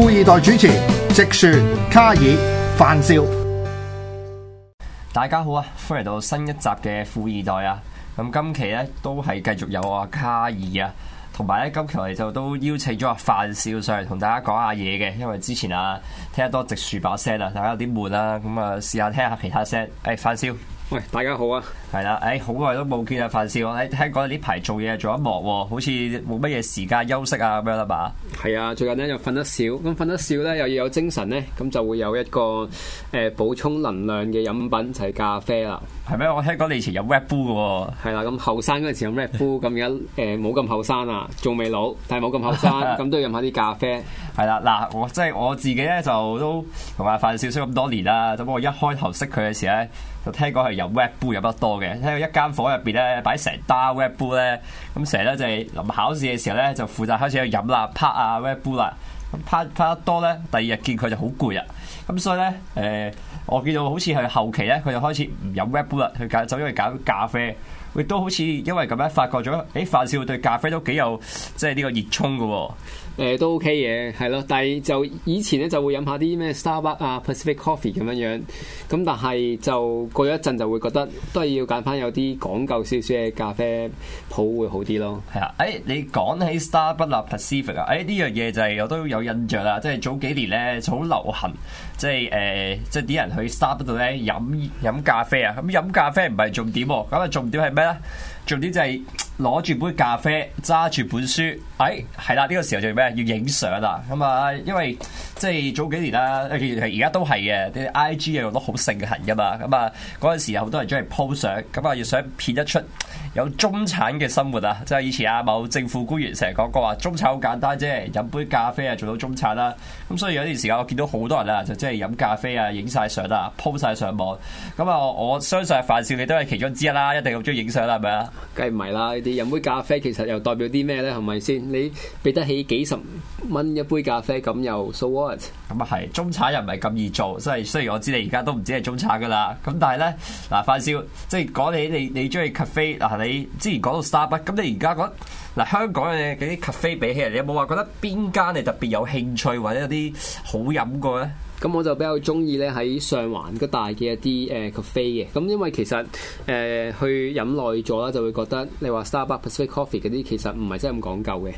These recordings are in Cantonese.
富易袋主持直樹、卡爾、范少，大家好啊！歡迎嚟到新一集嘅富易袋啊！咁今期呢都係繼續有阿卡爾啊，同埋呢今期嚟就都邀請咗阿范少上嚟同大家講下嘢嘅，因為之前啊聽得多直樹把聲啊，大家有啲悶啦，咁啊試下聽下其他聲，誒、哎、范少。喂，大家好啊！係啦，誒、哎，好耐都冇見啊，范少。誒，聽講你呢排做嘢做一忙，好似冇乜嘢時間休息啊，咁樣啦嘛？係啊，最近咧就瞓得少，咁瞓得少咧又要有精神咧，咁就會有一個誒補、呃、充能量嘅飲品就係、是、咖啡啦。係咩？我聽講你以前飲 Red Bull 嘅喎。係啦、啊，咁後生嗰陣時飲 Red Bull，咁而家誒冇咁後生啦，仲、呃、未老，但係冇咁後生，咁 都要飲下啲咖啡。係啦，嗱，我即係我自己咧，就都同阿范少相處咁多年啦。咁我一開頭識佢嘅時候咧。就聽講係飲 Red Bull 飲得多嘅，喺一間房入邊咧擺成打 Red Bull 咧，咁成日咧就係臨考試嘅時候咧就負責開始去飲啦，趴啊 Red Bull 啦，咁趴趴得多咧，第二日見佢就好攰啊，咁所以咧誒、呃，我見到好似係後期咧，佢就開始唔飲 Red Bull 啦，去搞就因為搞咖啡，亦都好似因為咁樣發覺咗，誒范少對咖啡都幾有即係呢個熱衷嘅喎、哦。誒、呃、都 OK 嘅，係咯，但係就以前咧就會飲下啲咩 Starbucks 啊、Pacific Coffee 咁樣樣，咁但係就過咗一陣就會覺得都係要揀翻有啲講究少少嘅咖啡鋪會好啲咯。係啊，誒、哎、你講起 Starbucks 啊、Pacific 啊，誒呢樣嘢就係、是、我都有印象啦，即係早幾年咧就好流行，就是呃、即係誒即係啲人去 Starbucks 度咧飲飲咖啡啊，咁、嗯、飲咖啡唔係重點、啊，咁啊重點係咩咧？重點就係、是。攞住杯咖啡，揸住本書，哎，係啦，呢、這個時候做咩？要影相啊！咁啊，因為即係早幾年啦，而家都係嘅，啲 I G 用得好盛行噶嘛。咁、嗯、啊，嗰陣時有好多人中意 po 相，咁、嗯、啊，要想片得出有中產嘅生活啊！即係以前阿某政府官員成日講過話，中產好簡單啫，飲杯咖啡啊，做到中產啦、啊。咁所以有段時間我見到好多人啊，就即係飲咖啡啊，影晒相啊 po 晒上網。咁啊，我相信范少你都係其中之一啦，一定咁中意影相啦，係咪啊？梗係唔係啦？你哋飲杯咖啡其實又代表啲咩咧？係咪先？你俾得起幾十蚊一杯咖啡，咁又 so what 咁啊係，中產又唔係咁易做，所以雖然我知你而家都唔知係中產噶啦。咁但係咧，嗱范少，即係講起你你中意 cafe 嗱，你，ca fe，你之前講到 Starbucks，咁你而家講。香港嘅嗰啲 cafe 比起嚟，你有冇話覺得邊間你特別有興趣或者有啲好飲過咧？咁我就比較中意咧喺上環嗰大嘅一啲誒咖啡嘅，咁、呃、因為其實誒、呃、去飲耐咗啦，就會覺得你話 Starbucks、Pacific Coffee 嗰啲其實唔係真係咁講究嘅。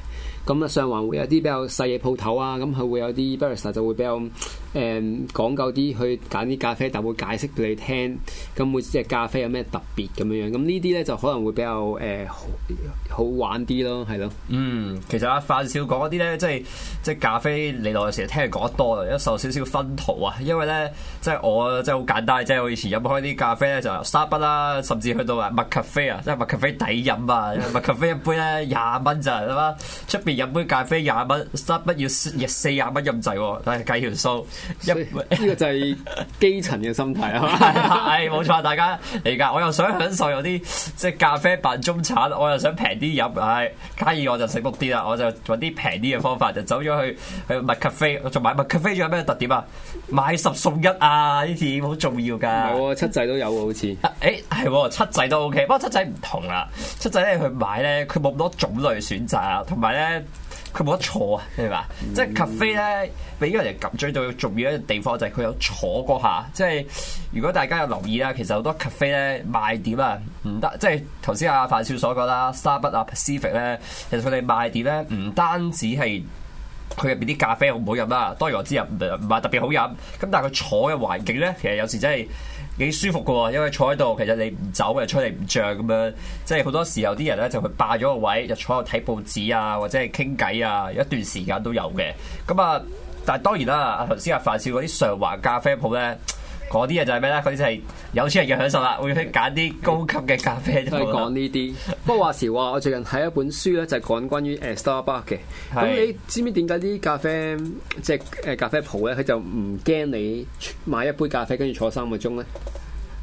咁啊，上環會有啲比較細嘅鋪頭啊，咁佢會有啲 barista 就會比較誒、呃、講究啲，去揀啲咖啡，但會解釋俾你聽，咁每隻咖啡有咩特別咁樣樣。咁呢啲咧就可能會比較誒、呃、好，好玩啲咯，係咯。嗯，其實阿、啊、范少講嗰啲咧，即係即係咖啡嚟到嘅時候聽人講得多，有受少少分。圖啊，因為咧即係我即係好簡單，即係我以前飲開啲咖啡咧就由沙不啦，甚至去到啊麥咖啡啊，即係麥咖啡抵飲啊，麥咖啡一杯咧廿蚊咋，咁啊出邊飲杯咖啡廿蚊，沙不要四廿蚊飲唔滯，但係計條數，呢個就係基層嘅心態啊，係冇錯，大家嚟噶，我又想享受有啲即係咖啡扮中產，我又想平啲飲，唉、哎，嘉怡我就醒目啲啦，我就揾啲平啲嘅方法，就走咗去去麥咖啡，我仲買麥咖啡仲有咩特點啊？買十送一啊！呢點好重要噶，我七仔都有喎，好似誒係，七仔都 OK。不過七仔唔同啦，七仔咧去買咧，佢冇咁多種類選擇啊，同埋咧佢冇得坐啊，係嘛？嗯、即係 cafe 咧，俾人哋緊張到重要嘅地方就係佢有坐嗰下。即係如果大家有留意啦，其實好多 cafe 咧賣點啊，唔得。即係頭先阿范少所講啦，Starbucks 啊 Pacific 咧，其實佢哋賣點咧唔單止係。佢入邊啲咖啡好唔好飲啦？當然我知又唔唔係特別好飲，咁但係佢坐嘅環境咧，其實有時真係幾舒服嘅喎，因為坐喺度其實你唔走又出嚟唔着咁樣，即係好多時候啲人咧就去霸咗個位，就坐喺度睇報紙啊，或者係傾偈啊，一段時間都有嘅。咁啊，但係當然啦，頭先阿范少嗰啲上環咖啡鋪咧。嗰啲嘢就係咩咧？佢就係有錢人嘅享受啦，會去揀啲高級嘅咖啡。都係講呢啲。不過話時話，我最近睇一本書咧，就講關於誒 Starbucks 嘅。咁是的 你知唔知點解啲咖啡即係誒咖啡鋪咧，佢就唔驚你買一杯咖啡跟住坐三個鐘咧？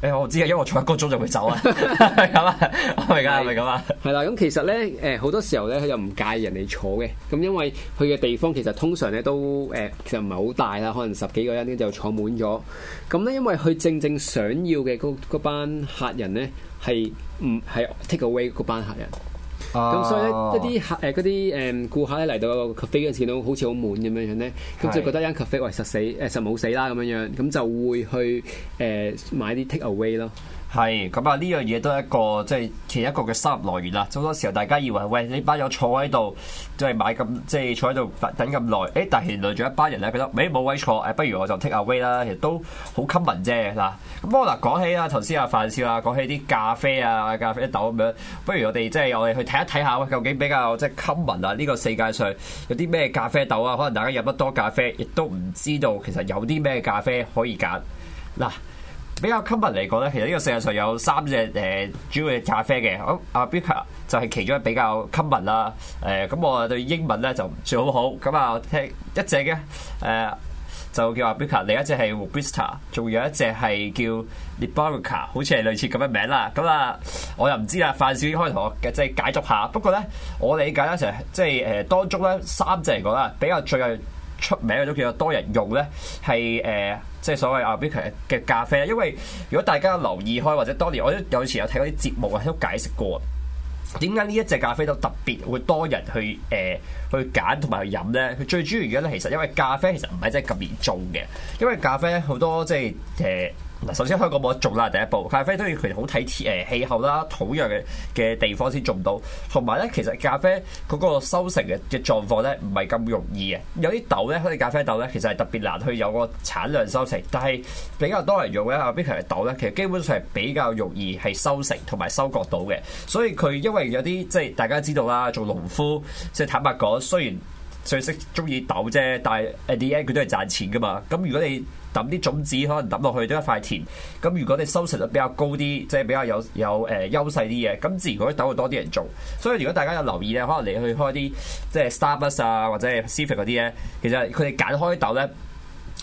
誒、欸，我知啊，因為我坐一個鐘就會走啊，咁啊，係噶，係咁啊，係啦，咁其實咧，誒，好多時候咧，佢又唔介意人哋坐嘅，咁因為佢嘅地方其實通常咧都，誒、呃，其實唔係好大啦，可能十幾個人咧就坐滿咗，咁咧因為佢正正想要嘅嗰班客人咧係，唔係 take away 嗰班客人。咁、嗯、所以咧一啲客，誒，嗰啲誒，顧客咧嚟到個 cafe 見到好似好悶咁樣樣咧，咁是就覺得間 cafe 實死誒、呃、實冇死啦咁樣樣，咁就會去誒、呃、買啲 take away 咯。係，咁啊呢樣嘢都係一個即係其中一個嘅收入來源啦。好多時候大家以為，喂呢班友坐喺度，即係買咁即係坐喺度等咁耐，誒、欸，但係原來仲有一班人咧，佢都，咪冇位坐，誒、啊，不如我就 take away 啦，亦都好 common 啫，嗱。咁我嗱講起啦，頭先阿范少啦，講起啲、啊、咖啡啊咖啡豆咁樣，不如我哋即係我哋去睇一睇下，究竟比較即係 common 啊呢、這個世界上有啲咩咖啡豆啊？可能大家飲得多咖啡，亦都唔知道其實有啲咩咖啡可以揀，嗱。比較 common 嚟講咧，其實呢個世界上有三隻誒、呃、主要嘅咖啡嘅，好、哦、Arabica 就係其中一比較 common 啦。誒、呃、咁我對英文咧就唔算好好，咁、嗯、啊聽一隻嘅誒就叫 Arabica 另一隻係 Robusta 仲有一隻係叫 Liberica，好似係類似咁嘅名啦。咁、嗯、啊、嗯、我又唔知啦，范小姐可以同我即係解讀下。不過咧我理解咧成日即係誒、呃、當中咧三隻嚟講啦，比較最近出名嘅都叫做多人用咧係誒。即係所謂阿 b a k 嘅咖啡，因為如果大家留意開或者當年，我都有時有睇嗰啲節目啊，都解釋過點解呢一隻咖啡都特別會多人去誒、呃、去揀同埋去飲咧。佢最主要而家咧，其實因為咖啡其實唔係真係咁易做嘅，因為咖啡咧好多即係誒。呃嗱，首先香港冇得種啦，第一步。咖啡都要佢哋好睇誒氣候啦、土壤嘅嘅地方先種到。同埋咧，其實咖啡嗰個收成嘅狀況咧，唔係咁容易嘅。有啲豆咧，嗰啲咖啡豆咧，其實係特別難去有個產量收成。但係比較多人用咧，阿邊其實豆咧，其實基本上係比較容易係收成同埋收割到嘅。所以佢因為有啲即係大家知道啦，做農夫即係坦白講，雖然最識鍾意豆啫，但係 ADN 佢都係賺錢㗎嘛。咁如果你抌啲種子可能抌落去都一塊田。咁如果你收成率比較高啲，即係比較有有誒優勢啲嘅，咁自然嗰啲豆會多啲人做。所以如果大家有留意咧，可能你去開啲即係 Starbucks 啊或者係 Cafe 嗰啲咧，其實佢哋揀開豆咧。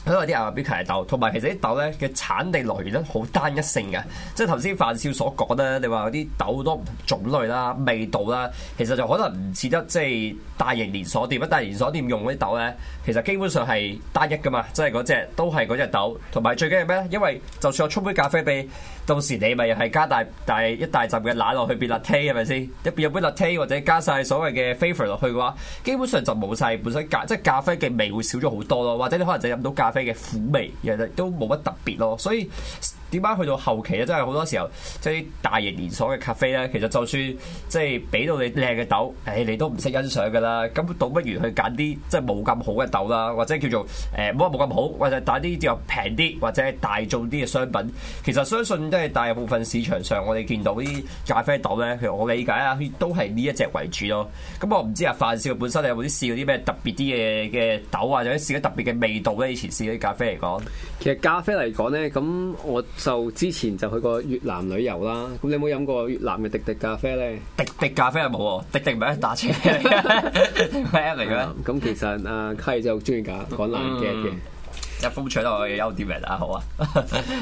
因為啲阿伯邊騎豆，同埋其實啲豆咧嘅產地來源都好單一性嘅，即係頭先范少所講咧，你話啲豆好多種類啦、味道啦，其實就可能唔似得即係大型連鎖店啊，大型連鎖店用嗰啲豆咧，其實基本上係單一噶嘛，即係嗰隻都係嗰隻豆。同埋最緊係咩？因為就算我沖杯咖啡俾，到時你咪又係加大大一大壇嘅奶落去變 latte 係咪先？入邊有杯 latte 或者加晒所謂嘅 flavour 落去嘅話，基本上就冇晒本身咖，即係咖啡嘅味會少咗好多咯。或者你可能就飲到咖。嘅苦味，其實都冇乜特別咯，所 以樂。點解去到後期咧，真係好多時候，即係大型連鎖嘅咖啡咧，其實就算即係俾到你靚嘅豆，誒、哎、你都唔識欣賞㗎啦。咁倒不如去揀啲即係冇咁好嘅豆啦，或者叫做誒唔好話冇咁好，或者打啲比較平啲或者大眾啲嘅商品。其實相信都係大部分市場上，我哋見到啲咖啡豆咧，譬如我理解啊，都係呢一隻為主咯。咁我唔知啊，范少本身你有冇啲試過啲咩特別啲嘅嘅豆啊，或者試過特別嘅味道咧？以前試啲咖啡嚟講，其實咖啡嚟講咧，咁我。就之前就去過越南旅遊啦，咁你有冇飲過越南嘅滴滴咖啡咧？滴滴咖啡係冇喎，滴滴唔係喺打車嚟嘅咩？咁其實阿 k、啊、就好就中意講講冷嘅嘅，有、嗯、風搶落去優點嚟大家看看好啊，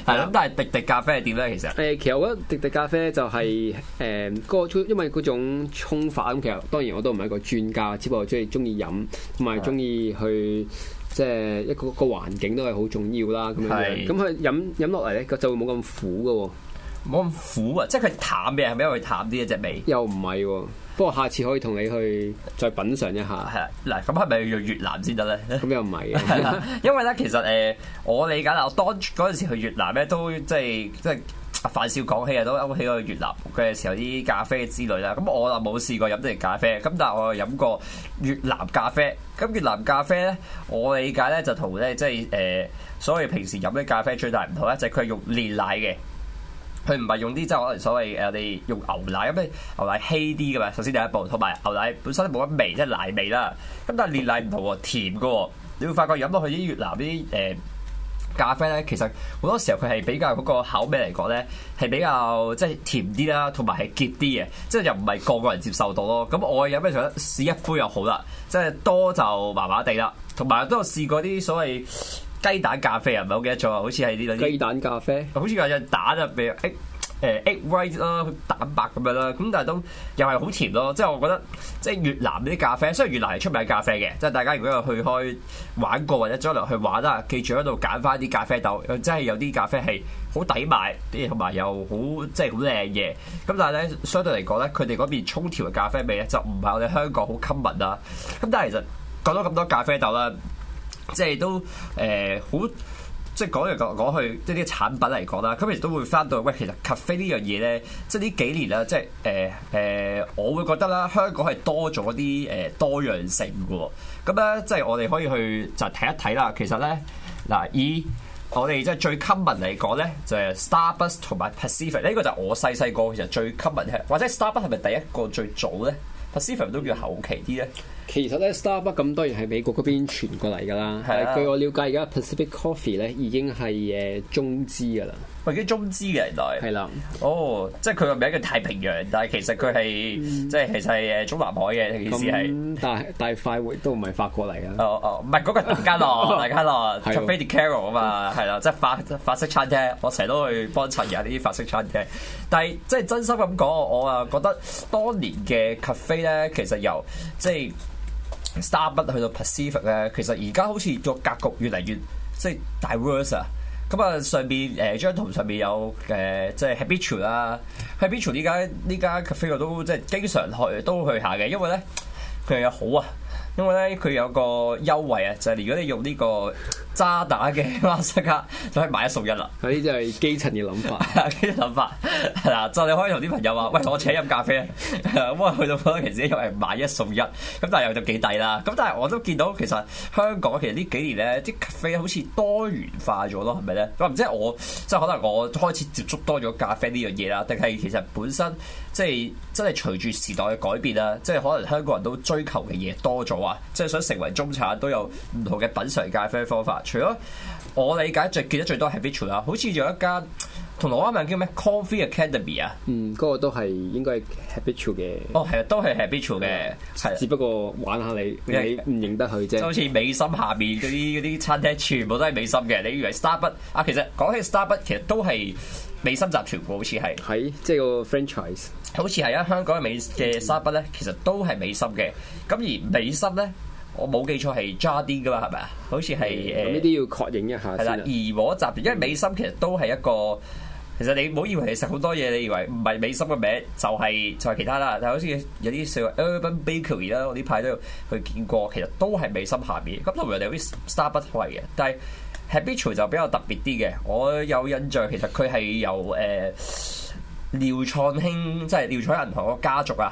係啦。但係滴滴咖啡係點咧？其實誒，其實我覺得滴滴咖啡就係誒嗰個因為嗰種沖法咁，其實當然我都唔係一個專家，只不過我中意中意飲同埋中意去。即係一個一個環境都係好重要啦。咁是樣，咁佢飲飲落嚟咧，個就會冇咁苦㗎喎。冇咁苦啊，即係佢淡嘅，係咪因為淡啲一隻味？又唔係喎。不過下次可以同你去再品嚐一下、啊。係啦。嗱，咁係咪要越南先得咧？咁又唔係、啊 啊、因為咧，其實誒、呃，我理解啊，我當嗰陣時去越南咧，都即係即係。阿范少講起啊，都諗起嗰個越南嘅時候啲咖啡之類啦。咁我就冇試過飲啲咖啡，咁但係我飲過越南咖啡。咁越南咖啡咧，我理解咧就同咧即係誒，所謂平時飲啲咖啡最大唔同咧就係佢係用煉奶嘅，佢唔係用啲即係可能所謂誒，我、呃、哋用牛奶咁，牛奶稀啲噶嘛。首先第一步，同埋牛奶本身冇乜、就是、味，即係奶味啦。咁但係煉奶唔同喎， 甜嘅、哦。你會發覺飲落去啲越南啲誒。呃咖啡咧，其實好多時候佢係比較嗰個口味嚟講咧，係比較即係甜啲啦，同埋係澀啲嘅，即係又唔係個個人接受到咯。咁我有咩想試一杯又好啦，即係多就麻麻地啦。同埋都有試過啲所謂雞蛋咖啡啊，唔係好記得咗啊，好似係呢啲雞蛋咖啡，好似有隻蛋入邊誒。哎誒，egg white 啦，蛋白咁樣啦，咁但係都又係好甜咯。即係我覺得，即係越南啲咖啡，雖然越南係出名咖啡嘅，即係大家如果有去開玩過或者將來去玩啦，記住喺度揀翻啲咖啡豆，即係有啲咖啡係好抵買，啲同埋又好即係好靚嘅。咁但係咧，相對嚟講咧，佢哋嗰邊沖調嘅咖啡味咧，就唔係我哋香港好 common 啦。咁但係其實講咗咁多咖啡豆啦，即係都誒好。呃即係講嚟講講去，即係啲產品嚟講啦。咁譬如都會翻到，喂，其實 cafe 呢樣嘢咧，即係呢幾年啦，即係誒誒，我會覺得啦，香港係多咗啲誒多樣性嘅喎。咁、嗯、咧，即係我哋可以去就睇、是、一睇啦。其實咧，嗱，以我哋即係最 common 嚟講咧，就係、是、Starbucks 同埋 Pacific。呢個就我細細個其實最 common 嘅，或者 Starbucks 係咪第一個最早咧？Pacific 都叫後期啲咧。其實咧，Starbucks 咁當然係美國嗰邊傳過嚟㗎啦是、啊呃。據我了解，而家 Pacific Coffee 咧已經係誒、呃、中資㗎啦。或者中資嘅人來，係啦，哦，即係佢話唔係一個太平洋，但係其實佢係即係其實係誒中南海嘅意思係。但係但係快活都唔係法國嚟嘅。哦哦，唔係嗰個大家樂，大家樂 cafe de coral 啊嘛，係啦，即係法法式餐廳，我成日都去幫襯嘅呢啲法式餐廳。但係即係真心咁講，我啊覺得當年嘅 cafe 咧，其實由即係 starbucks 去到 Pacific 咧，其實而家好似個格局越嚟越即係 diverse 咁、uh, uh, 啊，上邊誒張圖上邊有誒即係 habitual 啦，habitual 呢家呢家 cafe 我都即係經常去，都去下嘅，因為咧佢又有好啊。因為咧佢有個優惠啊，就係如果你用呢個渣打嘅馬斯卡，就可以買一送一啦。嗰啲就係基層嘅諗法，基層諗法。嗱，就你可以同啲朋友話：喂，我請飲咖啡，咁啊去到嗰陣時，因為買一送一，咁但係又就幾抵啦。咁但係我都見到其實香港其實呢幾年咧，啲咖啡好似多元化咗咯，係咪咧？我唔知我即係可能我開始接觸多咗咖啡呢樣嘢啦，定係其實本身。即係真係隨住時代嘅改變啦，即係可能香港人都追求嘅嘢多咗啊！即係想成為中產，都有唔同嘅品嚐咖啡方法。除咗我理解最記得最，最多係 habitual，好似仲有一間同羅安文叫咩 coffee academy 啊。嗯，嗰、那個都係應該係 habitual 嘅。哦，係啊，都係 habitual 嘅，係的。的只不過玩下你，你唔認得佢啫。就好似美心下面嗰啲啲餐廳，全部都係美心嘅。你以為 Starbuck 啊？其實講起 Starbuck，其實都係。美心集團好似係喺即係個 franchise，好似係啊，香港嘅美心嘅 Starbucks 咧，其實都係美心嘅。咁而美心咧，我冇記錯係 Jardine 噶嘛，係咪啊？好似係誒，呢啲要確認一下。係啦，怡和集團，因為美心其實都係一個，其實你唔好以為你食好多嘢，你以為唔係美心嘅名，就係就係其他啦。但係好似有啲上 Urban Bakery 啦，我呢排都有去見過，其實都係美心下面。咁當然有啲 Starbucks 係嘅，但係。Tbicho t 就比較特別啲嘅，我有印象其實佢係由誒、呃、廖創興，即係廖創興銀行個家族啊，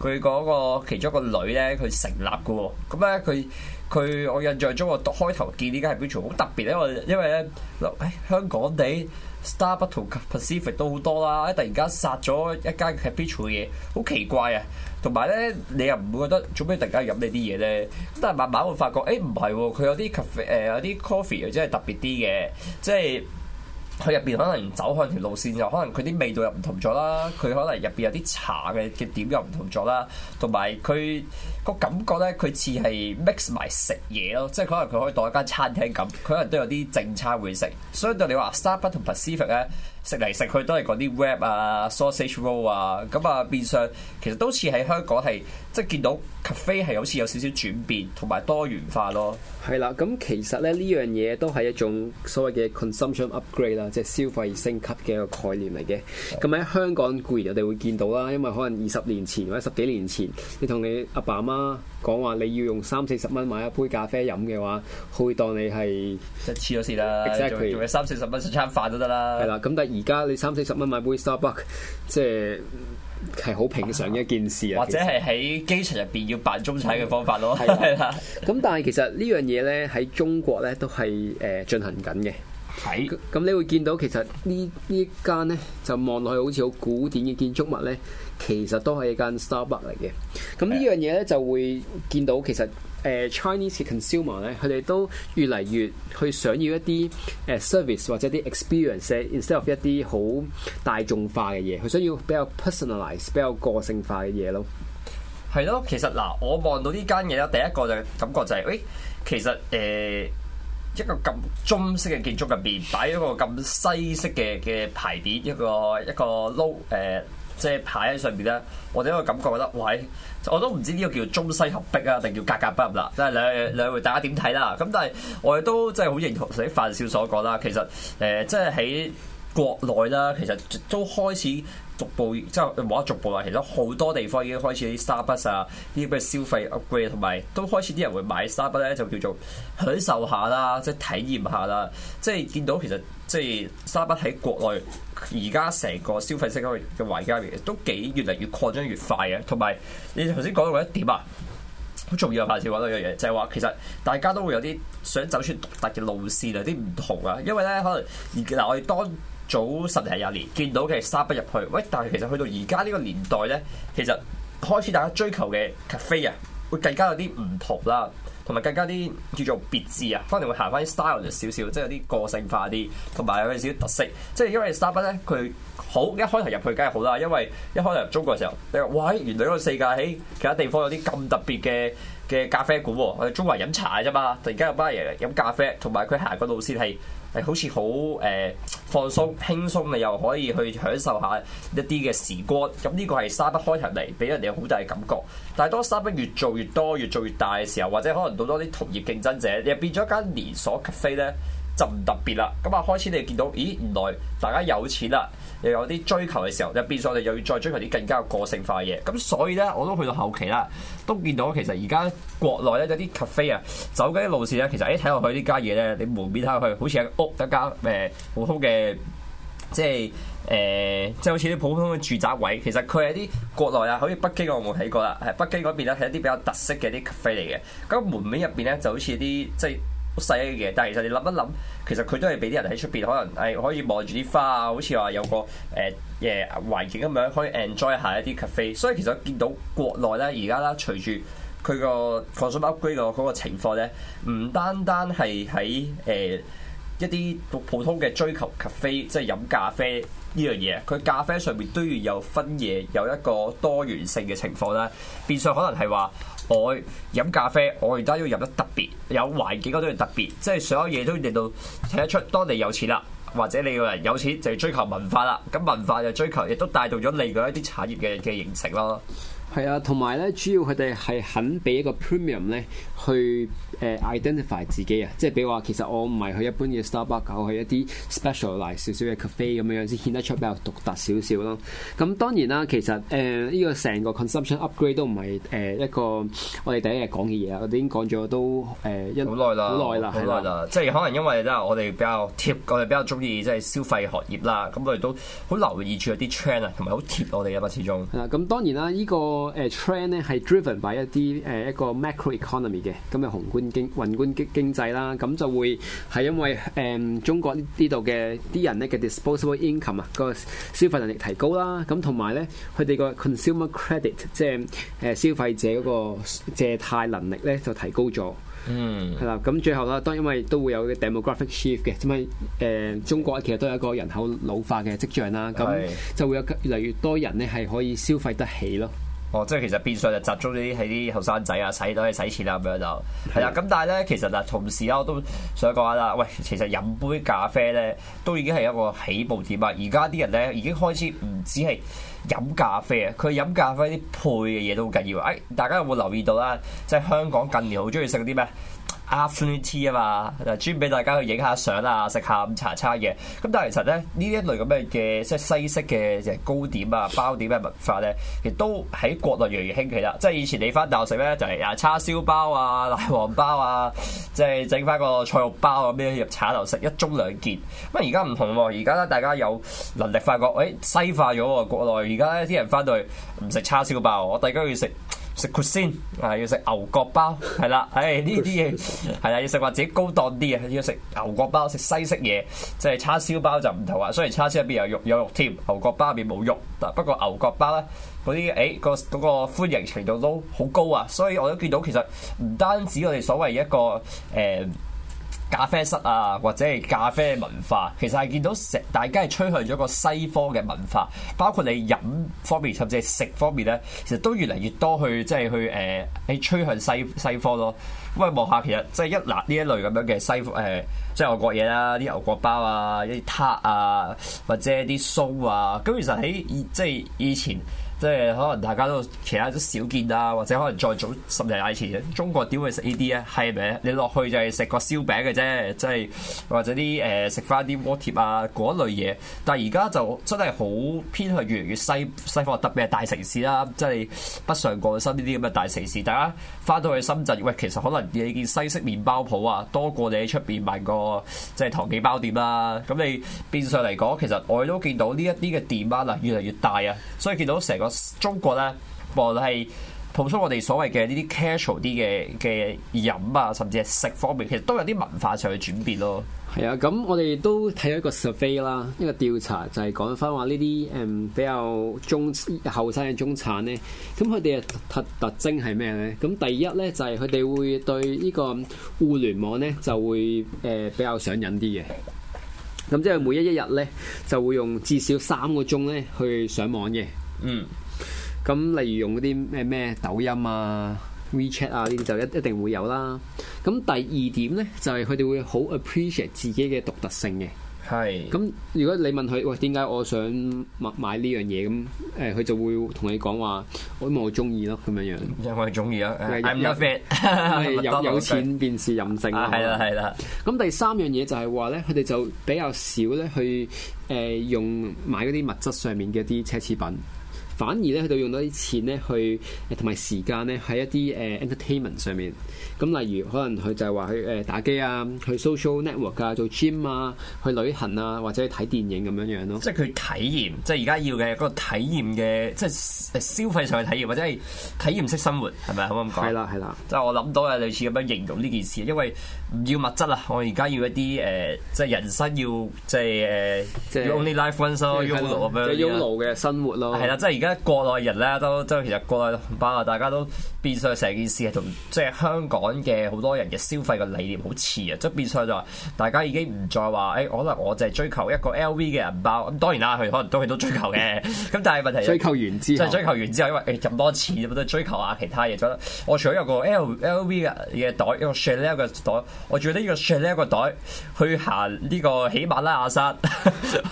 佢嗰、嗯、個其中一個女咧，佢成立嘅喎，咁咧佢佢我印象中我開頭見呢間 Tbicho t 好特別我，因為因為咧，誒、哎、香港地。Starbucks、Pacific 都好多啦，突然間殺咗一間 Café 場嘅嘢，好奇怪啊！同埋咧，你又唔會覺得，做咩突然間飲你啲嘢咧？但係慢慢會發覺，誒唔係喎，佢、啊、有啲 cafe 誒、呃、有啲 coffee 又真係特別啲嘅，即係。佢入邊可能走向條路線，又可能佢啲味道又唔同咗啦，佢可能入邊有啲茶嘅嘅點又唔同咗啦，同埋佢個感覺咧，佢似係 mix 埋食嘢咯，即係可能佢可以當一間餐廳咁，佢可能都有啲正餐會食。所以對你話 Starbucks 同 Pacific 咧，食嚟食去都係講啲 wrap 啊、sausage roll 啊，咁啊變相其實都似喺香港係即係見到。咖啡係好似有少少轉變同埋多元化咯，係啦。咁其實咧，呢樣嘢都係一種所謂嘅 consumption upgrade 啦，即係消費升級嘅一個概念嚟嘅。咁喺、嗯、香港固然我哋會見到啦，因為可能二十年前或者十幾年前，你同你阿爸阿媽講話你要用三四十蚊買一杯咖啡飲嘅話，佢會當你係黐咗線啦。仲仲係三四十蚊食餐飯都得啦。係啦，咁但係而家你三四十蚊買杯 Starbucks，即係。係好平常一件事啊，或者係喺機場入邊要扮中產嘅方法咯，係啦。咁但係其實呢樣嘢咧喺中國咧都係誒進行緊嘅。係的。咁你會見到其實間呢呢間咧就望落去好似好古典嘅建築物咧，其實都係一間 Starbucks 嚟嘅。咁呢樣嘢咧就會見到其實。誒 Chinese consumer 咧，佢哋都越嚟越去想要一啲誒 service 或者啲 experience，instead of 一啲好大眾化嘅嘢，佢想要比較 personalized，比較個性化嘅嘢咯。係咯，其實嗱，我望到呢間嘢咧，第一個就感覺就係、是，誒、欸，其實誒、呃，一個咁中式嘅建築入邊擺一個咁西式嘅嘅牌匾，一個一個 logo 誒即係排喺上邊咧，或者個感覺覺得，喂，我都唔知呢個叫中西合璧啊，定叫格格不入啦、啊，即係兩兩位大家點睇啦？咁但係我哋都即係好認同你范少所講啦。其實誒、呃，即係喺國內啦，其實都開始。逐步即係冇得逐步啦，其實好多地方已經開始啲沙筆啊，啲咩消費 upgrade 同埋都開始啲人會買沙筆咧，就叫做享受下啦，即係體驗下啦。即係見到其實即係沙筆喺國內而家成個消費式嘅嘅環境都幾越嚟越擴張越快嘅。同埋你頭先講到一點啊，好重要嘅發泄嗰到一樣嘢，就係話其實大家都會有啲想走出獨特嘅路線啊，啲唔同啊，因為咧可能嗱我哋當。早十零廿年見到嘅沙巴入去，喂！但係其實去到而家呢個年代咧，其實開始大家追求嘅 cafe 啊，會更加有啲唔同啦，同埋更加啲叫做別緻啊，可能會行翻啲 style 少少，即係有啲個性化啲，同埋有少少特色。即係因為沙巴咧，佢好一開頭入去梗係好啦，因為一開頭入中國嘅時候，你話哇原來呢個世界喺其他地方有啲咁特別嘅嘅咖啡館喎，我哋中華飲茶嘅啫嘛，突然間有班人飲咖啡，同埋佢行個路線係。係好似好誒放鬆、輕鬆，你又可以去享受一下一啲嘅時光。咁呢個係沙不開頭嚟，俾人哋好大感覺。但係當沙不越做越多、越做越大嘅時候，或者可能到多啲同業競爭者，你又變咗間連鎖 cafe 咧，就唔特別啦。咁啊，開始你見到，咦，原來大家有錢啦！又有啲追求嘅時候，就變咗我哋又要再追求啲更加個性化嘅嘢。咁所以咧，我都去到後期啦，都見到其實而家國內咧有啲 cafe 啊，走緊啲路線咧，其實誒睇落去呢間嘢咧，你門面睇落去好似喺屋一間誒、呃、普通嘅，即係誒、呃、即係好似啲普通嘅住宅位。其實佢係啲國內啊，好似北京我冇睇過啦，喺北京嗰邊咧係一啲比較特色嘅啲 cafe 嚟嘅。咁門面入邊咧就好似啲即係。好細嘅嘢，但係其實你諗一諗，其實佢都係俾啲人喺出邊，可能係可以望住啲花啊，好似話有個誒嘢、呃、環境咁樣，可以 enjoy 下一啲 cafe。所以其實見到國內咧，而家咧隨住佢個 consumer upgrade 個嗰個情況咧，唔單單係喺誒一啲普通嘅追求 cafe，即係飲咖啡呢樣嘢，佢咖啡上面都要有分野，有一個多元性嘅情況啦。變相可能係話。我飲咖啡，我而家都要飲得特別，有環境嗰種特別，即係所有嘢都令到睇得出當地有錢啦，或者你個人有錢就要追求文化啦，咁文化就追求，亦都帶動咗你嗰一啲產業嘅嘅形成咯。係啊，同埋咧，主要佢哋係肯俾一個 premium 咧。去誒 identify 自己啊，即係比如話其實我唔係去一般嘅 Starbucks，我去一啲 specialize 少少嘅 cafe 咁樣樣先顯得出比較獨特少少咯。咁當然啦，其實誒呢、呃這個成個 consumption upgrade 都唔係誒一個我哋第一日講嘅嘢啊，我哋已經講咗都誒好耐啦，好耐啦，啦，即係可能因為即係我哋比較貼，我哋比較中意即係消費學業啦，咁我哋都好留意住一啲 trend 啊，同埋好貼我哋啊吧，始終。係啦，咁當然啦，呢、這個誒 trend 咧係 driven by 一啲誒一個 macro economy。嘅咁啊，宏觀經運觀經經濟啦，咁就會係因為誒、嗯、中國呢度嘅啲人咧嘅 disposable income 啊個消費能力提高啦，咁同埋咧佢哋個 consumer credit 即係誒、呃、消費者嗰個借貸能力咧就提高咗，係、mm. 啦。咁最後啦，都因為都會有個 demographic shift 嘅，因為誒、呃、中國其實都有一個人口老化嘅跡象啦，咁就會有越嚟越多人咧係可以消費得起咯。哦，即係其實變相就集中啲喺啲後生仔啊，使都係使錢啦，咁樣就係啦。咁但係咧，其實嗱同時咧，我都想講下啦。喂，其實飲杯咖啡咧，都已經係一個起步點啊。而家啲人咧已經開始唔止係飲咖啡啊，佢飲咖啡啲配嘅嘢都好緊要啊，哎，大家有冇留意到啦？即係香港近年好中意食啲咩？Afternoon tea 啊嘛，專俾大家去影下相啊，食下午茶餐嘅。咁但係其實咧，呢一類咁嘅嘅即係西式嘅嘅糕點啊、包點嘅文化咧，亦都喺國內越嚟越興起喇。即係以前你翻大陸食咧，就係、是、啊叉燒包啊、奶黃包啊，即係整翻個菜肉包啊，咩入茶樓食一盅兩件。咁而家唔同喎、啊，而家咧大家有能力發覺，誒、哎、西化咗喎、啊，國內而家啲人翻到去唔食叉燒包，我大家要食。食過先啊！要食牛角包，係 啦，唉呢啲嘢係啦，要食話自己高檔啲嘅，要食牛角包，食西式嘢，即係叉燒包就唔同啊！雖然叉燒入邊有肉有肉添，牛角包入邊冇肉，但不過牛角包咧嗰啲，誒個嗰個歡迎程度都好高啊！所以我都見到其實唔單止我哋所謂一個誒，呃咖啡室啊，或者係咖啡文化，其實係見到食大家係趨向咗個西方嘅文化，包括你飲方面，甚至係食方面咧，其實都越嚟越多去即係、就是、去誒，你、呃、趨向西西方咯。咁啊，望下其實即係、就是、一拿呢一類咁樣嘅西誒、呃，即係外國嘢啦，啲牛角包啊，一啲撻啊，或者一啲酥啊，咁其實喺即係以前。即係可能大家都其他都少見啊，或者可能再早十年以前，中國點會食呢啲咧，係咪？你落去就係食個燒餅嘅啫，即係或者啲誒、呃、食翻啲鍋貼啊嗰類嘢。但係而家就真係好偏向越嚟越西西方，特別係大城市啦、啊，即係北上廣深呢啲咁嘅大城市，大家翻到去深圳喂，其實可能你見西式麵包鋪啊多過你喺出邊買個即係糖記包店啦、啊。咁你變相嚟講其實我哋都見到呢一啲嘅店啊，越嚟越大啊，所以見到成個。中國咧，無論係鋪出我哋所謂嘅呢啲 casual 啲嘅嘅飲啊，甚至係食方面，其實都有啲文化上嘅轉變咯。係啊，咁我哋都睇咗一個 survey 啦，一個調查就係講返話呢啲誒比較中後生嘅中產咧。咁佢哋嘅特特徵係咩咧？咁第一咧就係佢哋會對呢個互聯網咧就會誒、呃、比較上癮啲嘅。咁即係每一一日咧就會用至少三個鐘咧去上網嘅。嗯，咁例如用嗰啲咩咩抖音啊、WeChat 啊呢啲就一一定會有啦。咁第二點咧，就係佢哋會好 appreciate 自己嘅獨特性嘅。係是，咁如果你問佢喂，點解我想買買呢樣嘢咁，誒，佢就會同你講話，我因為我中意咯咁樣樣，因為我中意咯。I love 'm it。 有有錢便是任性。啊。係啦係啦。咁第三樣嘢就係話咧，佢哋就比較少咧去誒用、呃、買嗰啲物質上面嘅啲奢侈品。反而咧喺度用到啲錢咧去誒同埋時間咧喺一啲誒 entertainment 上面，咁例如可能佢就係話去誒打機啊，去 social network 啊，做 gym 啊，去旅行啊，或者去睇電影咁樣樣咯。即係佢體驗，即係而家要嘅個體驗嘅，即係誒消費上嘅體驗或者係體驗式生活，係咪啊？好唔好咁講？係啦，係啦，即係我諗到啊，類似咁樣形容呢件事，因為唔要物質啦，我而家要一啲誒即係人生要即係誒即係 only life ones 咯，YOLO 咁樣，嘅生活咯。係啦，即係而家。咧國內人咧都即係其實國內嘅包啊，大家都變相成件事係同即係香港嘅好多人嘅消費嘅理念好似啊，即係變相就話大家已經唔再話誒、欸，可能我淨係追求一個 LV 嘅銀包，咁當然啦，佢可能都佢都追求嘅，咁但係問題追求完之後，即係追求完之後，因為咁、欸、多錢，咁都追求下其他嘢，我除咗有個 L LV 嘅嘅袋，有 Chanel 嘅袋，我仲呢個 Chanel 嘅袋，去行呢個喜馬拉雅山，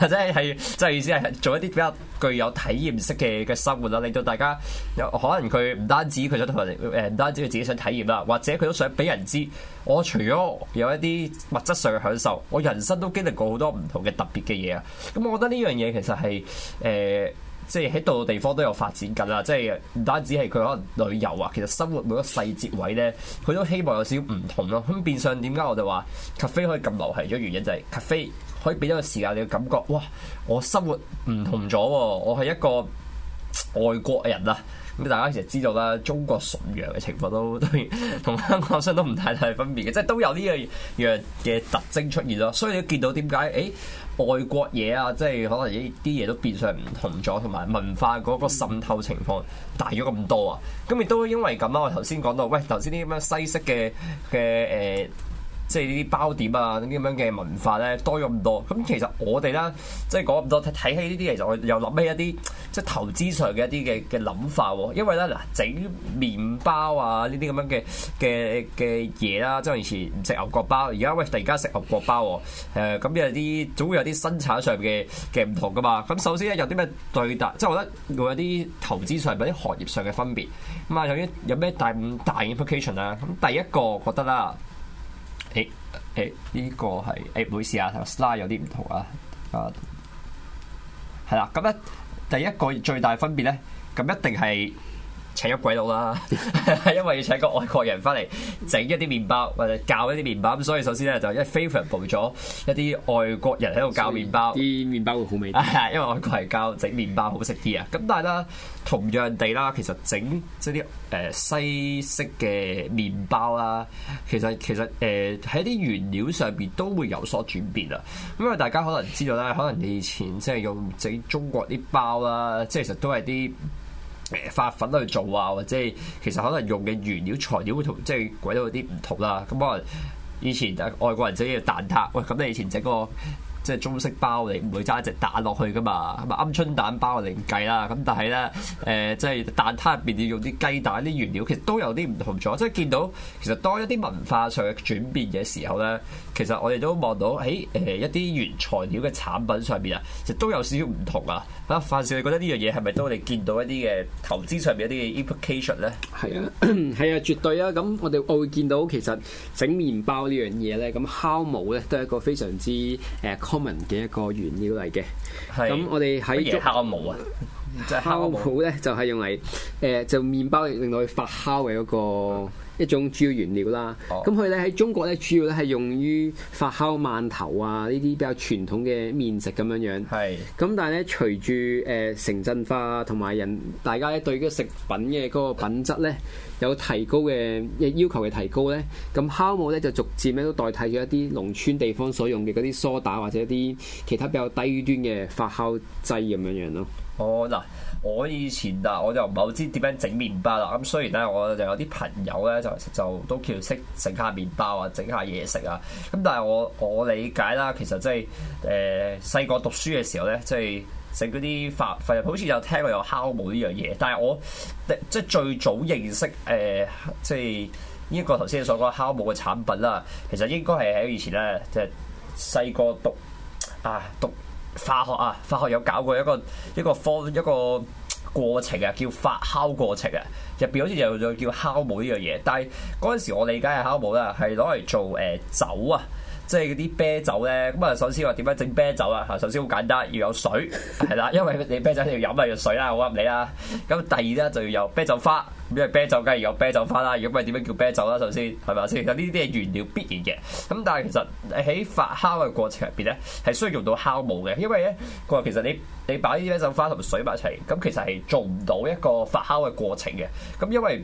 或者係即係意思係做一啲比較。具有體驗式嘅嘅生活啦，令到大家有可能佢唔單止佢想同人誒唔、呃、單止佢自己想體驗啦，或者佢都想俾人知，我除咗有一啲物質上嘅享受，我人生都經歷過好多唔同嘅特別嘅嘢啊。咁、嗯、我覺得呢樣嘢其實係誒、呃，即係喺度地方都有發展緊啦。即係唔單止係佢可能旅遊啊，其實生活每一個細節位咧，佢都希望有少少唔同咯。咁、嗯、變相點解我哋話咖啡可以咁流行，咗原因就係咖啡可以俾咗個時間你嘅感覺，哇！我生活唔同咗，我係一個外國人啊。咁大家其實知道啦，中國崇洋嘅情況都當然同香港相都唔太大分別嘅，即係都有呢樣樣嘅特徵出現咯。所以你見到點解，誒、欸，外國嘢啊，即係可能啲嘢都變相唔同咗，同埋文化嗰個滲透情況大咗咁多啊。咁亦都因為咁啦，我頭先講到，喂，頭先啲咁樣西式嘅嘅誒。即係呢啲包點啊，呢啲咁樣嘅文化咧多咗咁多，咁其實我哋啦，即係講咁多睇起呢啲，其實我，我又諗起一啲即係投資上嘅一啲嘅嘅諗法喎、哦。因為咧嗱，整麵包啊，呢啲咁樣嘅嘅嘅嘢啦，即係以前唔食牛角包，而家喂突然間食牛角包喎、哦。誒、呃、咁有啲總會有啲生產上嘅嘅唔同噶嘛。咁首先咧有啲咩對答，即係我覺得會有啲投資上或者行業上嘅分別。咁啊，有啲有咩大五大 implication 啊？咁第一個我覺得啦。誒誒，呢、欸欸這個係誒，唔、欸、好意思啊，slide 有啲唔同啊，啊，係啦，咁咧第一個最大分別咧，咁一定係。請一鬼佬啦， 因為要請一個外國人翻嚟整一啲麵包，或者教一啲麵包，咁所以首先咧就因為非人報咗一啲外國人喺度教麵包，啲麵包會好味， 因為外國人教整麵包好食啲啊。咁但係咧，同樣地啦，其實整即係啲誒西式嘅麵包啦，其實其實誒喺啲原料上邊都會有所轉變啊。因為大家可能知道啦，可能你以前即係用整中國啲包啦，即係其實都係啲。誒發粉去做啊，或者係其實可能用嘅原料材料會同即係鬼佬有啲唔同啦。咁可能以前啊外國人整嘢蛋撻，喂咁你以前整個？即係中式包嚟，唔會揸一隻蛋落去㗎嘛，咁啊鵪鶉蛋包我唔計啦。咁但係咧，誒、呃、即係蛋撻入邊要用啲雞蛋，啲原料其實都有啲唔同咗。即係見到其實當一啲文化上嘅轉變嘅時候咧，其實我哋都望到喺誒一啲原材料嘅產品上邊啊，其實都有，實實都、哎呃、實都有少少唔同啊。啊，范少，你覺得呢樣嘢係咪都我哋見到一啲嘅投資上邊一啲嘅 implication 咧？係啊，係啊，絕對啊。咁我哋我會見到其實整麵包呢樣嘢咧，咁酵母咧都係一個非常之誒。呃嘅一個原料嚟嘅，咁是我哋喺即係酵母啊，即係酵母咧，就係、是、用嚟誒、呃，就麵包令到佢發酵嘅一個一種主要原料啦。咁佢咧喺中國咧，主要咧係用於發酵饅頭啊，呢啲比較傳統嘅麵食咁樣樣。係咁是，但係咧隨住誒城鎮化同埋人大家咧對嗰個食品嘅嗰個品質咧。有提高嘅要求嘅提高咧，咁酵母咧就逐漸咧都代替咗一啲農村地方所用嘅嗰啲梳打或者一啲其他比較低端嘅發酵劑咁樣樣咯。哦嗱，我以前嗱我就唔係好知點樣整麵包啦。咁雖然咧我就有啲朋友咧就就都叫識整下麵包啊、整下嘢食啊。咁但係我我理解啦，其實即係誒細個讀書嘅時候咧，即係。食嗰啲發廢好似有聽過有酵母呢樣嘢，但係我即係、就是、最早認識誒，即係呢個頭先你所講酵母嘅產品啦。其實應該係喺以前咧，即係細個讀啊讀化學啊，化學有搞過一個一個方一,一個過程啊，叫發酵過程啊，入邊好似就就叫酵母呢樣嘢。但係嗰陣時我理解嘅酵母咧係攞嚟做誒、呃、酒啊。即係嗰啲啤酒咧，咁啊首先話點樣整啤酒啦？嚇，首先好簡單，要有水係啦，因為你啤酒你要飲咪要，要水啦，我噏你啦。咁第二咧就要有啤酒花，因為啤酒梗係有啤酒花啦，如果唔係點樣叫啤酒啦？首先係咪先？其實呢啲係原料必然嘅。咁但係其實喺發酵嘅過程入邊咧，係需要用到酵母嘅，因為咧佢話其實你你擺啲啤酒花同水埋一齊，咁其實係做唔到一個發酵嘅過程嘅。咁因為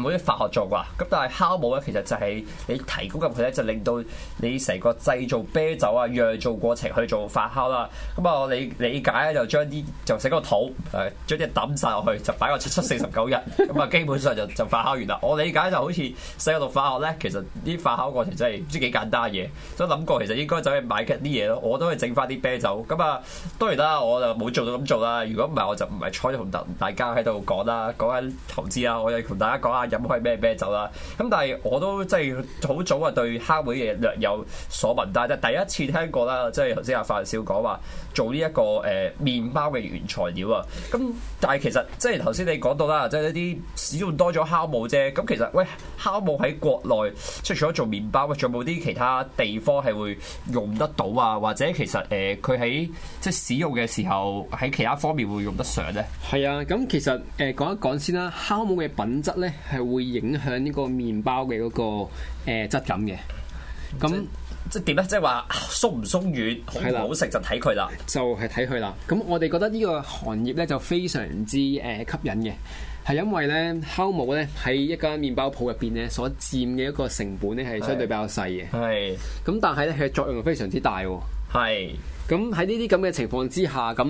冇啲化學做啩，咁但係酵母咧，其實就係你提供嘅。佢咧，就令到你成個製造啤酒啊、釀造過程去做發酵啦。咁啊，我理理解咧，就將啲就成個肚，誒，將啲抌晒落去，就擺個七七四十九日，咁啊，基本上就就發酵完啦。我理解就好似細個讀化學咧，其實啲發酵過程真係唔知幾簡單嘢。都諗過其實應該走去買啲啲嘢咯，我都去整翻啲啤酒。咁啊，當然啦，我就冇做到咁做啦。如果唔係，我就唔係坐喺同大家喺度講啦，講緊投資啦，我又同大家講下。飲開咩啤酒啦，咁但係我都即係好早啊對酵母嘅略有所聞，但係第一次聽過啦，即係頭先阿范少講話做呢一個誒麵包嘅原材料啊，咁但係其實即係頭先你講到啦，即係一啲使用多咗酵母啫，咁其實喂酵母喺國內除咗做麵包，仲有冇啲其他地方係會用得到啊？或者其實誒佢喺即係使用嘅時候喺其他方面會用得上咧？係啊，咁其實誒、呃、講一講先啦，酵母嘅品質咧。係會影響呢個麵包嘅嗰、那個誒、呃、質感嘅。咁即係點咧？即係話鬆唔鬆軟，好唔好食就睇佢啦。就係睇佢啦。咁我哋覺得呢個行業咧就非常之誒、呃、吸引嘅，係因為咧酵母咧喺一間麵包鋪入邊咧所佔嘅一個成本咧係相對比較細嘅。係。咁但係咧，佢嘅作用非常之大喎、啊。係，咁喺呢啲咁嘅情況之下，咁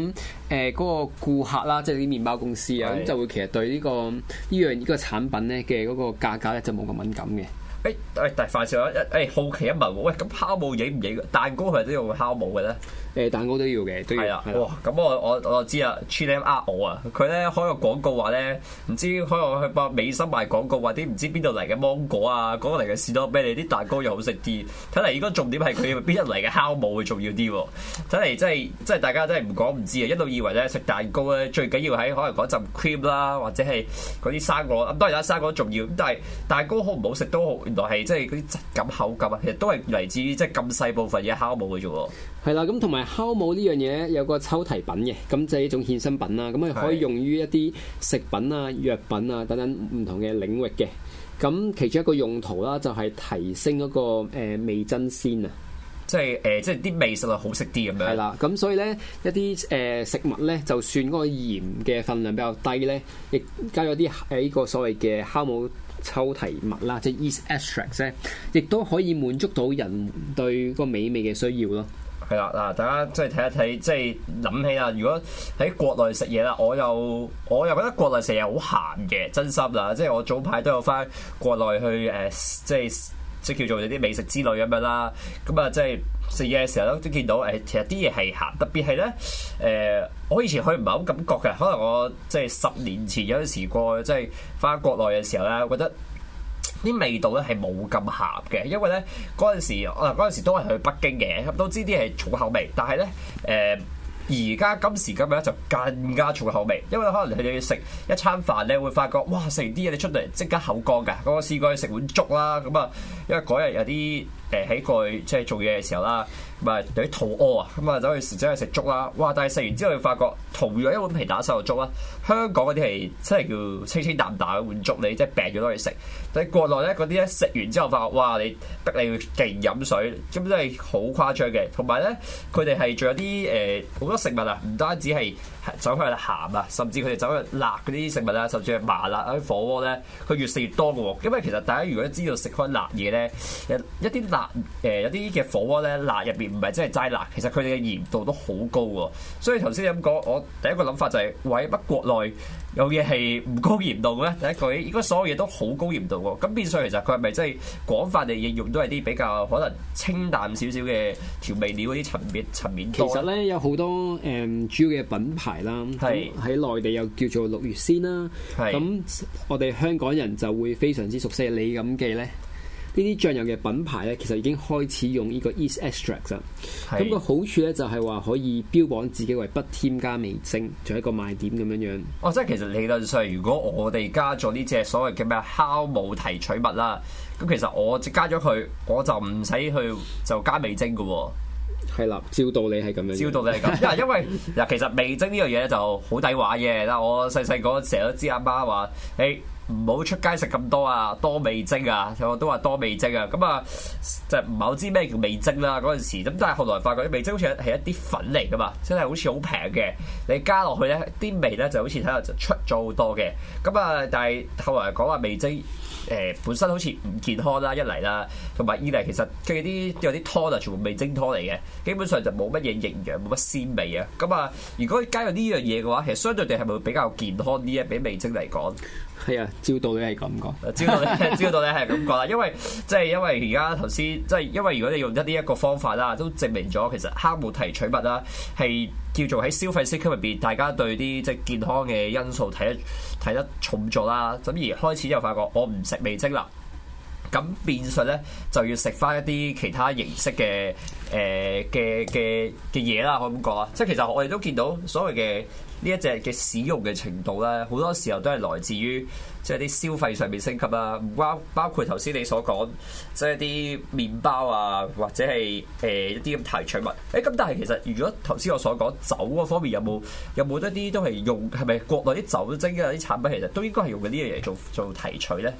誒嗰個顧客啦，即係啲麵包公司啊，咁是的 就會其實對呢、呢個呢樣呢個產品咧嘅嗰個價格咧就冇咁敏感嘅。誒誒，但係凡事一誒好奇一問喎，喂咁酵母影唔影？蛋糕係都要酵母嘅咧？誒蛋糕都要嘅，都要。係啊，哇！咁我我我知啊，Cream 呃我啊，佢咧開個廣告話咧，唔知開個佢美心賣廣告或者唔知邊度嚟嘅芒果啊，嗰個嚟嘅士多啤梨啲蛋糕又好食啲。睇嚟應該重點係佢邊一嚟嘅酵母會重要啲喎。睇嚟真係真係大家真係唔講唔知啊，一路以為咧食蛋糕咧最緊要喺可能嗰陣 cream 啦，或者係嗰啲生果，咁當然有啲生果重要，但係蛋糕好唔好食都好。就即係嗰啲質感口感啊，其實都係嚟自於即係咁細部分嘅酵母嘅啫喎。係啦，咁同埋酵母呢樣嘢有，有個抽提品嘅，咁係一種衍生品啦，咁係可以用於一啲食品啊、藥品啊等等唔同嘅領域嘅。咁其中一個用途啦，就係呃，就係提升嗰個味增鮮啊，即係誒即係啲味素係好食啲咁樣。係啦，咁所以咧一啲誒食物咧，就算嗰個鹽嘅份量比較低咧，亦加咗啲誒呢個所謂嘅酵母。抽提物啦，即係、e、yeast extract 咧，亦都可以滿足到人對個美味嘅需要咯。係啦，嗱，大家即係睇一睇，即係諗起啦。如果喺國內食嘢啦，我又我又覺得國內成日好鹹嘅，真心嗱。即係我早排都有翻國內去誒，即係。即叫做啲美食之類咁樣啦，咁啊即係食嘢嘅時候都見到誒，其實啲嘢係鹹，特別係咧誒，我以前去唔係好感覺嘅，可能我即係、就是、十年前有陣時過即係返國內嘅時候咧，我覺得啲味道咧係冇咁鹹嘅，因為咧嗰陣時我嗱嗰陣時都係去北京嘅，都知啲係重口味，但係咧誒。呃而家今時今日咧就更加重口味，因為可能佢哋食一餐飯咧會發覺，哇！食完啲嘢你出嚟即刻口乾㗎。我試過去食碗粥啦，咁啊，因為嗰日有啲誒喺過去即係做嘢嘅時候啦。唔係對於肚屙啊，咁啊走去時走去食粥啦，哇！但係食完之後，你發覺同樣一碗皮蛋瘦肉粥啦，香港嗰啲係真係叫清清淡淡嘅碗粥，你即係病咗都可以食。但喺國內咧，嗰啲咧食完之後發覺，哇！你逼你要勁飲水，咁真係好誇張嘅。同埋咧，佢哋係仲有啲誒好多食物啊，唔單止係走去鹹啊，甚至佢哋走去辣嗰啲食物啊，甚至係麻辣嗰啲火鍋咧，佢越食越多嘅喎。因為其實大家如果知道食開辣嘢咧，一啲辣誒、呃、有啲嘅火鍋咧，辣入面。唔係真係齋辣，其實佢哋嘅鹽度都好高喎。所以頭先你咁講，我第一個諗法就係、是：為乜國內有嘢係唔高鹽度嘅咧？第一句，應該所有嘢都好高鹽度喎。咁變相其實佢係咪真係廣泛地應用都係啲比較可能清淡少少嘅調味料嗰啲層面層面，層面呢其實咧有好多誒主要嘅品牌啦，喺內地又叫做六月鮮啦。咁是我哋香港人就會非常之熟悉李錦記咧。呢啲醬油嘅品牌咧，其實已經開始用呢個 yeast extract 啦。咁是個好處咧，就係、是、話可以標榜自己為不添加味精，做一個賣點咁樣樣。哦，即係其實理論上，如果我哋加咗呢隻所謂嘅咩酵母提取物啦，咁其實我即加咗佢，我就唔使去就加味精嘅喎、啊。係啦，照道理係咁樣。照道理係咁。嗱，因為嗱，其實味精呢樣嘢咧就好抵話嘅。嗱，我細細個成日都知阿媽話，誒。唔好出街食咁多啊，多味精啊，有我都話多味精啊，咁啊，就唔係好知咩叫味精啦嗰陣時，咁但係後來發覺啲味精好似係一啲粉嚟㗎嘛，真係好似好平嘅，你加落去咧，啲味咧就好似睇下就出咗好多嘅，咁啊，但係後來講話味精誒、呃、本身好似唔健康啦一嚟啦，同埋二嚟其實佢啲有啲湯啊全部味精湯嚟嘅，基本上就冇乜嘢營養，冇乜鮮味啊，咁啊，如果加入呢樣嘢嘅話，其實相對地係咪會比較健康啲啊？比味精嚟講？係啊，照到咧係咁講，照到咧照到咧係咁講啦， 因為即係、就是、因為而家頭先，即、就、係、是、因為如果你用得呢一個方法啦，都證明咗其實酵母提取物啦，係叫做喺消費升級入邊，大家對啲即係健康嘅因素睇得睇得重咗啦。咁而開始就發覺我唔食味精啦，咁變相咧就要食翻一啲其他形式嘅誒嘅嘅嘅嘢啦。我咁講啊，即係其實我哋都見到所謂嘅。呢一隻嘅使用嘅程度咧，好多時候都係來自於即係啲消費上面升級啊，唔包括頭先你所講即係啲麵包啊，或者係誒、呃、一啲咁提取物。誒、欸、咁，但係其實如果頭先我所講酒嗰方面有冇，有冇有冇一啲都係用係咪國內啲酒精嘅啲產品，其實都應該係用呢啲嘢做做提取咧？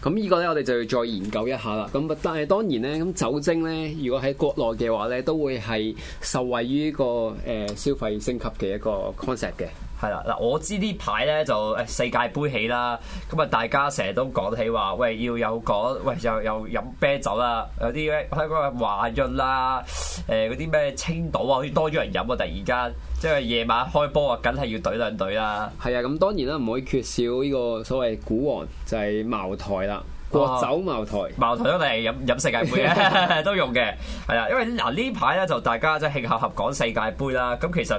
咁呢個咧，我哋就要再研究一下啦。咁但係當然咧，咁酒精咧，如果喺國內嘅話咧，都會係受惠於個誒、呃、消費升級嘅一個 concept 嘅。係啦，嗱 我知呢排咧就世界盃起啦，咁啊大家成日都講起話，喂要有嗰，喂又又飲啤酒啦，有啲香港嗰個華潤啦，誒嗰啲咩青島啊，好似多咗人飲啊，突然間即係夜晚開波啊，梗係要隊兩隊啦。係啊，咁當然啦，唔可以缺少呢個所謂股王就係、是、茅台啦，國酒茅台。哦、茅台都嚟飲飲世界盃都用嘅，係啊，因為嗱呢排咧就大家即係興合合講世界盃啦，咁其實。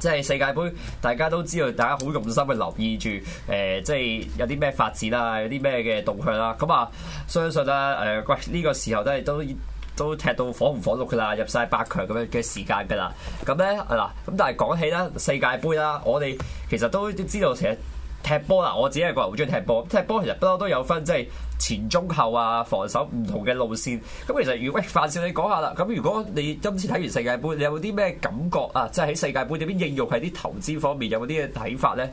即係世界盃，大家都知道，大家好用心去留意住誒、呃，即係有啲咩發展啊，有啲咩嘅動向啦。咁、嗯、啊，相信啊誒，喂、呃，呢、這個時候都係都都踢到火唔火燭噶啦，入晒八強咁樣嘅時間噶啦。咁咧啊嗱，咁、嗯、但係講起咧世界盃啦，我哋其實都知道，其實踢波啦，我自己係個人好中意踢波，踢波其實不嬲都有分，即係。前中後啊，防守唔同嘅路線。咁其實，喂，范少你講下啦。咁如果你今次睇完世界盃，你有冇啲咩感覺啊？即係喺世界盃裏邊應用喺啲投資方面，有冇啲嘅睇法咧？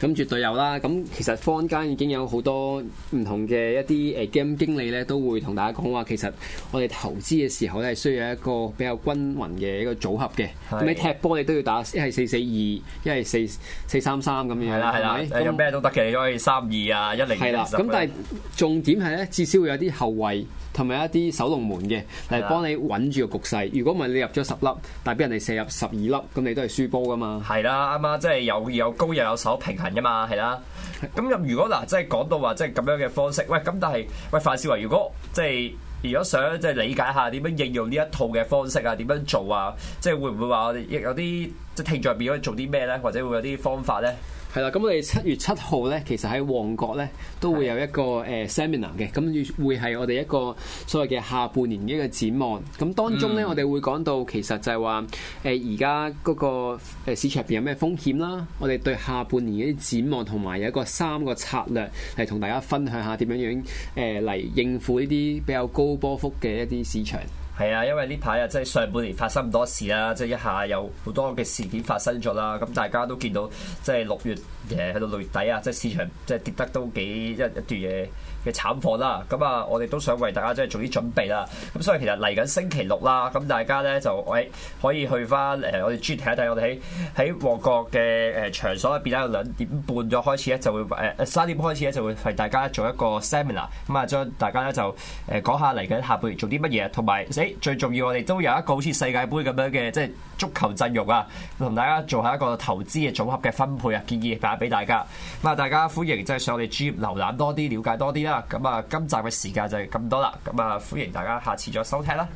咁絕對有啦。咁其實坊間已經有好多唔同嘅一啲誒 game 經理咧，都會同大家講話。其實我哋投資嘅時候咧，需要一個比較均勻嘅一個組合嘅。咁你踢波你都要打一係四四二，一係四四三三咁樣。係啦係啦，你用咩都得嘅，你可以三二啊，一零二十。咁但係重點係咧，至少會有啲後衛同埋一啲守龍門嘅嚟的幫你穩住個局勢。如果唔係你入咗十粒，但係俾人哋射入十二粒，咁你都係輸波噶嘛。係啦，啱啱，即係有有攻又有守，平衡噶嘛，係啦。咁若的如果嗱，即係講到話即係咁樣嘅方式，喂咁但係喂范少維，如果即係如果想即係理解下點樣應用呢一套嘅方式啊，點樣做啊，即係會唔會話我哋有啲即係聽咗入邊可以做啲咩咧，或者會,會有啲方法咧？係啦，咁我哋七月七號咧，其實喺旺角咧都會有一個誒、呃、是的 seminar 嘅，咁亦會係我哋一個所謂嘅下半年嘅一個展望。咁當中咧，嗯、我哋會講到其實就係話誒而家嗰個市場入邊有咩風險啦。我哋對下半年嘅展望同埋有一個三個策略嚟同大家分享下點樣樣誒嚟應付呢啲比較高波幅嘅一啲市場。係啊，因為呢排啊，即係上半年發生咁多事啦，即係一下有好多嘅事件發生咗啦，咁大家都見到，即係六月誒喺度六月底啊，即係市場即係跌得都幾一一段嘢。嘅產貨啦，咁啊，我哋都想為大家即係做啲準備啦。咁所以其實嚟緊星期六啦，咁大家咧就喂可以去翻誒、呃，我哋專睇一睇。我哋喺喺旺角嘅誒場所，入變咗兩點半咗開始咧，就會誒呃、三點開始咧，就會為大家做一個 seminar。咁啊，將大家咧就誒講下嚟緊下半月做啲乜嘢，同埋誒最重要，我哋都有一個好似世界盃咁樣嘅即係。足球陣容啊，同大家做下一個投資嘅組合嘅分配啊，建議擺俾大家。咁啊，大家歡迎即係上我哋 G 直播瀏覽多啲，了解多啲啦。咁啊，今集嘅時間就係咁多啦。咁啊，歡迎大家下次再收聽啦。